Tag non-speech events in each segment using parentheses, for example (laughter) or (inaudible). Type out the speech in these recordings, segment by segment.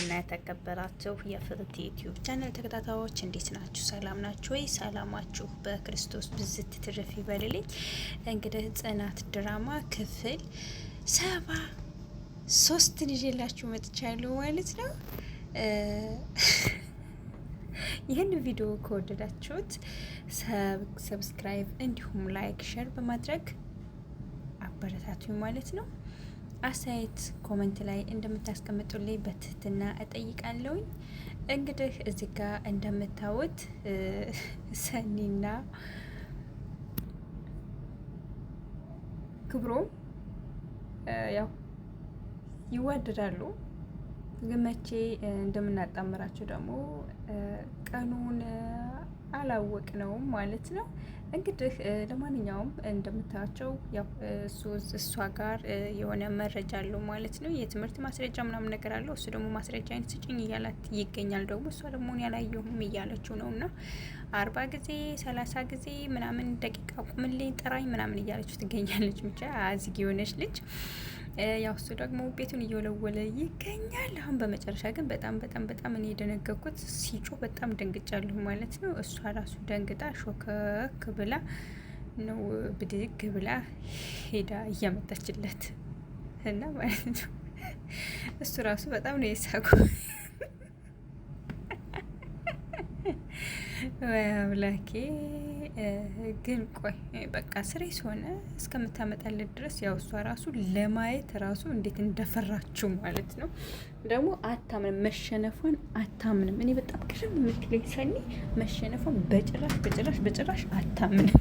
ውድና የተከበራችሁ የፍርት ዩቲዩብ ቻናል ተከታታዮች እንዴት ናችሁ? ሰላም ናችሁ ወይ? ሰላማችሁ በክርስቶስ ብዝት ትርፍ ይበልልኝ። እንግዲህ ጽናት ድራማ ክፍል ሰባ ሶስትን ይዤላችሁ መጥቻለሁ ማለት ነው። ይህን ቪዲዮ ከወደዳችሁት ሰብስክራይብ እንዲሁም ላይክ ሸር በማድረግ አበረታቱኝ ማለት ነው። አስተያየት ኮመንት ላይ እንደምታስቀምጡልኝ በትህትና እጠይቃለሁኝ። እንግዲህ እዚህ ጋር እንደምታዩት ሰኒና ክብሮም ያው ይዋደዳሉ። ግን መቼ እንደምናጣምራቸው ደግሞ ቀኑን አላወቅ ነውም ማለት ነው። እንግዲህ ለማንኛውም እንደምታያቸው እሷ ጋር የሆነ መረጃ አለው ማለት ነው። የትምህርት ማስረጃ ምናምን ነገር አለው። እሱ ደግሞ ማስረጃ አይነት ስጭኝ እያላት ይገኛል። ደግሞ እሷ ደግሞ ያላየሁም እያለችው ነው። እና አርባ ጊዜ ሰላሳ ጊዜ ምናምን ደቂቃ ቁምልኝ፣ ጥራኝ ምናምን እያለችው ትገኛለች። ብቻ አዚግ የሆነች ልጅ ያው እሱ ደግሞ ቤቱን እየወለወለ ይገኛል። አሁን በመጨረሻ ግን በጣም በጣም በጣም እኔ የደነገኩት ሲጮህ በጣም ደንግጫለሁ ማለት ነው። እሷ ራሱ ደንግጣ ሾከክ ብላ ነው ብድግ ብላ ሄዳ እያመጣችለት እና ማለት ነው። እሱ ራሱ በጣም ነው የሳቁ አምላኬ ግን ቆይ በቃ ስሬ ሲሆነ እስከምታመጣለት ድረስ ያው እሷ ራሱ ለማየት ራሱ እንዴት እንደፈራችው ማለት ነው። ደግሞ አታምንም፣ መሸነፏን አታምንም። እኔ በጣም ቅርብ የምትለኝ ሰኒ መሸነፏን በጭራሽ በጭራሽ በጭራሽ አታምንም።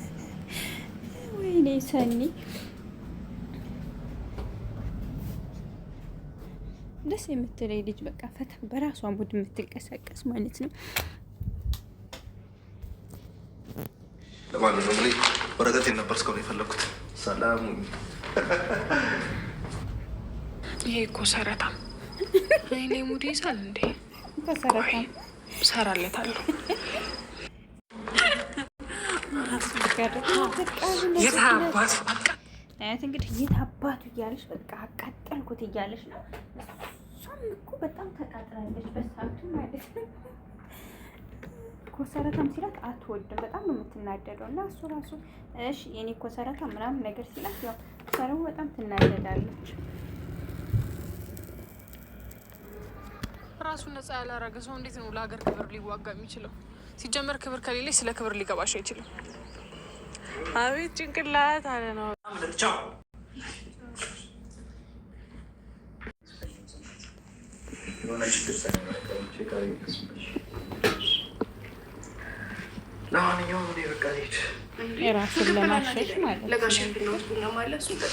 (laughs) ወይኔ ሰኒ ደስ የምትለይ ልጅ በቃ ፈታ በራሷ ሙድ የምትንቀሳቀስ ማለት ነው። ለማንኛውም እኔ ወረቀቴን ነበር እስካሁን የፈለኩት። ሰላም ይሄ እኮ ሰረታ ይኔ ሙድ ይዛል እንዴ? ሰረታም ሰራለታለሁ የት አባቱ እያለች በቃ አቃጠልኩት እያለች ነው በጣም ተቃጥላለች በሰዓቱ ማለት ነው። ኮሰረታም ሲላት አትወድም፣ በጣም ነው የምትናደደው። እና እሱ ራሱ እሺ የኔ ኮሰረታ ምናምን ነገር ሲላት ያው ሰረው በጣም ትናደዳለች። ራሱን ነጻ ያላረገ ሰው እንዴት ነው ለሀገር ክብር ሊዋጋ የሚችለው? ሲጀመር ክብር ከሌለች ስለ ክብር ሊገባሽ አይችልም። አቤት ጭንቅላት አለ ነው የሆነ ችግር ለማንኛውም እኔ በቃ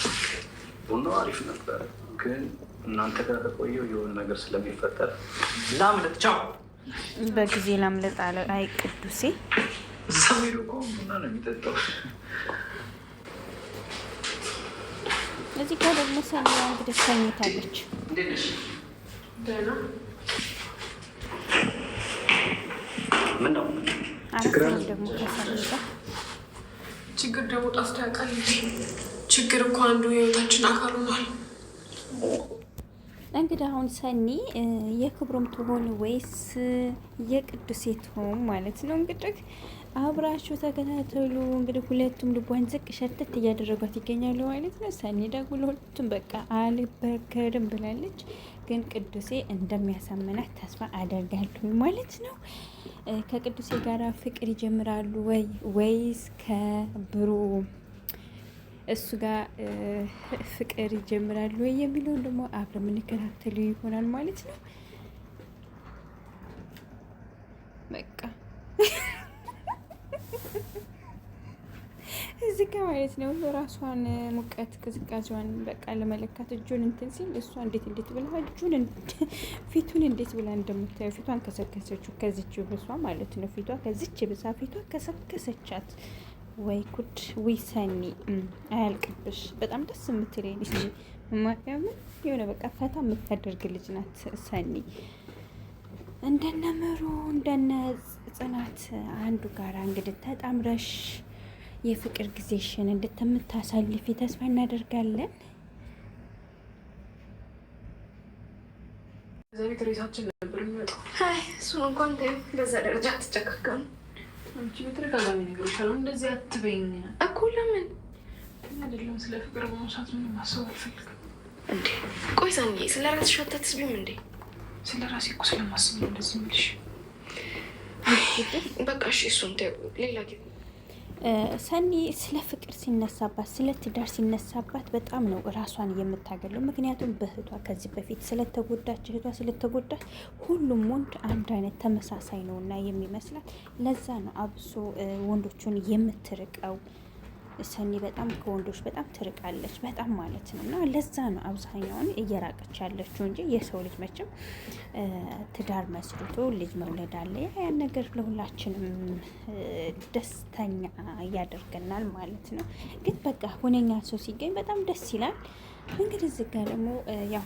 ቡና አሪፍ ነበር፣ ግን እናንተ ጋር ተቆየው የሆነ ነገር ስለሚፈጠር ላምለጥ። ቻው፣ በጊዜ ላምለጥ አለ። አይ ቅዱሴ ሰሚሉ እኮ ቡና ነው የሚጠጣው። እዚህ ጋር ደግሞ ሰሚያ እንግዲህ ተኝታለች። ችግር ደግሞ ጠፍቶ ያውቃል? ችግር እኮ አንዱ የህይወታችን አካል ሆኗል። እንግዲህ አሁን ሰኒ የክብሩም ትሆን ወይስ የቅዱሴ ትሆን ማለት ነው። እንግዲህ አብራችሁ ተከታተሉ። እንግዲህ ሁለቱም ልቧን ዝቅ ሸተት እያደረጓት ይገኛሉ ማለት ነው። ሰኒ ደግሞ ለሁለቱም በቃ አልበከርም ብላለች። ግን ቅዱሴ እንደሚያሳምናት ተስፋ አደርጋለሁ ማለት ነው። ከቅዱሴ ጋር ፍቅር ይጀምራሉ ወይ ወይስ ከብሩ እሱ ጋር ፍቅር ይጀምራሉ ወይ የሚለውን ደግሞ አብረን የምንከታተሉ ይሆናል ማለት ነው። እዚህ ማለት ነው ራሷን ሙቀት ቅዝቃዜዋን በቃ ለመለካት እጁን እንትን ሲል እሷ እንዴት እንዴት ብላ እጁን (laughs) ፊቱን እንዴት ብላ እንደምታየው ፊቷን ከሰከሰችው ከዚች ብሷ ማለት ነው። ፊቷ ከዚች ብሳ ፊቷ ከሰከሰቻት። ወይ ኩድ ወይ ሰኒ አያልቅብሽ። በጣም ደስ የምትለኝ ልጅ ማያምን የሆነ በቃ ፈታ የምታደርግ ልጅ ናት ሰኒ። እንደነ ምሩ እንደነ ጽናት አንዱ ጋራ እንግዲህ ተጣምረሽ የፍቅር ጊዜሽን እንድትምታሳልፊ ተስፋ እናደርጋለን። እሱን እንኳን በዛ ደረጃ አትጨካከም። በተደጋጋሚ ነገሮች እንደዚህ እኮ ለምን አይደለም። ስለ ፍቅር ማሰብ አልፈልግም። እንዴ ቆይ ስለ ራስሽ አታስቢም እንዴ? ስለ ራሴ እኮ ስለማስብ ነው እንደዚህ የምልሽ። በቃ እሺ፣ እሱን ተይው ሌላ ጊዜ ሰኒ ስለ ፍቅር ሲነሳባት ስለ ትዳር ሲነሳባት በጣም ነው ራሷን የምታገለው። ምክንያቱም በእህቷ ከዚህ በፊት ስለተጎዳች እህቷ ስለተጎዳች ሁሉም ወንድ አንድ አይነት ተመሳሳይ ነው እና የሚመስላት ለዛ ነው አብሶ ወንዶቹን የምትርቀው። ሰኒ በጣም ከወንዶች በጣም ትርቃለች፣ በጣም ማለት ነው። እና ለዛ ነው አብዛኛውን እየራቀች ያለችው እንጂ የሰው ልጅ መቼም ትዳር መስርቶ ልጅ መውለድ አለ። ያን ነገር ለሁላችንም ደስተኛ እያደርገናል ማለት ነው። ግን በቃ ሁነኛ ሰው ሲገኝ በጣም ደስ ይላል። እንግዲህ እዚህ ጋ ደግሞ ያው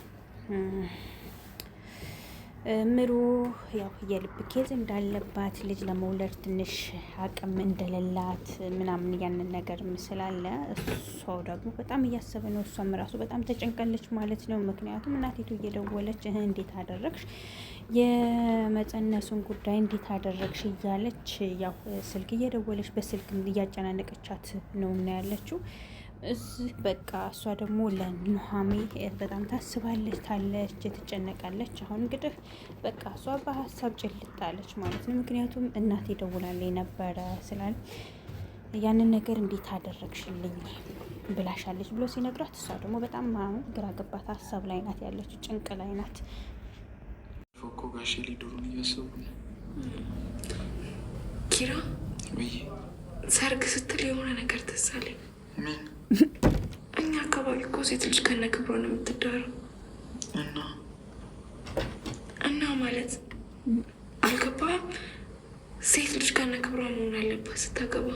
ምሩ ያው የልብ ኬዝ እንዳለባት ልጅ ለመውለድ ትንሽ አቅም እንደሌላት ምናምን ያንን ነገር ምስላለ እሷ ደግሞ በጣም እያሰበ ነው። እሷም ራሱ በጣም ተጨንቀለች ማለት ነው። ምክንያቱም እናቴቱ እየደወለች እህ እንዴት አደረግሽ፣ የመጸነሱን ጉዳይ እንዴት አደረግሽ እያለች ያው ስልክ እየደወለች በስልክ እያጨናነቀቻት ነው እና ያለችው እዚህ በቃ እሷ ደግሞ ለኑሃሜ በጣም ታስባለች፣ ታለች፣ ትጨነቃለች። አሁን እንግዲህ በቃ እሷ በሀሳብ ጭልጣለች ማለት ነው። ምክንያቱም እናቴ ደውላልኝ ነበረ ስላል ያንን ነገር እንዴት አደረግሽልኝ ብላሻለች ብሎ ሲነግራት እሷ ደግሞ በጣም ግራ ገባት። ሀሳብ ላይ ናት ያለች፣ ጭንቅ ላይ ናት። ፎኮ ሊዶሩን እያሰቡ ኪራ ሰርግ ስትል የሆነ ነገር ተሳለኝ ምን እኛ አካባቢ እኮ ሴት ልጅ ከነ ክብሮ ነው የምትዳረው። እና እና ማለት አልገባ ሴት ልጅ ከነ ክብሮ መሆን አለባት ስታገባ።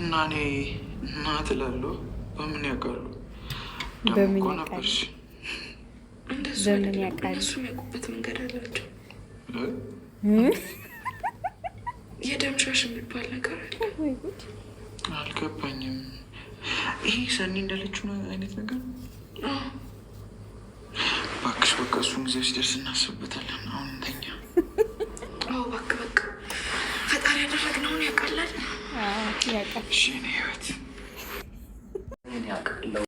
እና እኔ እናት እላለሁ። በምን ያውቃሉ? በምን ያውቃሉ? እንደሱ የሚያውቁበት መንገድ አላቸው። የደምሻሽ የሚባል ነገር አለ አልገባኝም። ይሄ ሰኒ እንዳለችው አይነት ነገር እባክሽ፣ በቃ እሱን ጊዜ ሲደርስ እናስብበታለን። አሁን እንተኛ። እባክህ በቃ ፈጣሪ ያደረግነውን ያውቃላል። ያውቃል ህይወት ያውቃለው።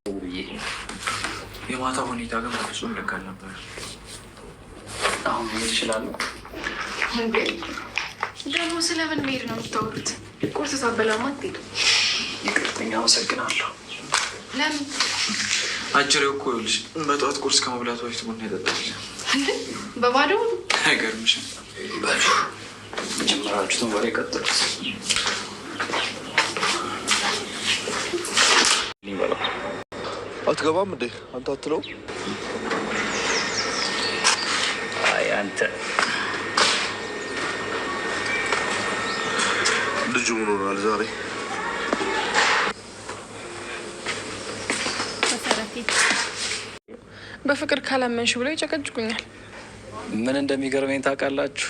የማታ ሁኔታ ግን ፍጹም ልክ አልነበረ። አሁን ይችላሉ። ደግሞ ስለምን መሄድ ነው የምታወሩት? ቁርስ ሳበላማ ትሄዱ። ይቅርተኛ አመሰግናለሁ። ለምን አጭር እኮ ልጅ በጠዋት ቁርስ ከመብላት በፊት ቡና ይጠጣል። በባዶ አይገርምሽም? ጀመራችሁትን ወሬ ቀጥሉት። አትገባም እንዴ አንተ አትለው? አይ አንተ ልጁ ምን ሆኗል ዛሬ? በፍቅር ካላመንሽ ብሎ ይጨቀጭቁኛል። ምን እንደሚገርመኝ ታውቃላችሁ?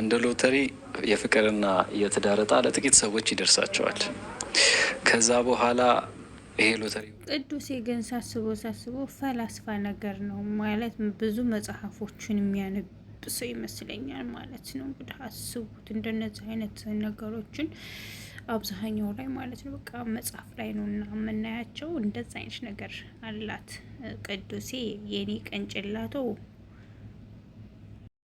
እንደ ሎተሪ የፍቅርና የትዳር ዕጣ ለጥቂት ሰዎች ይደርሳቸዋል። ከዛ በኋላ ይሄ ሎተሪ ቅዱሴ ግን ሳስቦ ሳስቦ ፈላስፋ ነገር ነው ማለት ብዙ መጽሐፎችን የሚያነብ ሰው ይመስለኛል ማለት ነው። እንግዲህ አስቡት እንደነዚህ አይነት ነገሮችን አብዛኛው ላይ ማለት ነው በቃ መጽሐፍ ላይ ነው እና የምናያቸው እንደዚህ አይነት ነገር አላት። ቅዱሴ የኔ ቀንጭላቶ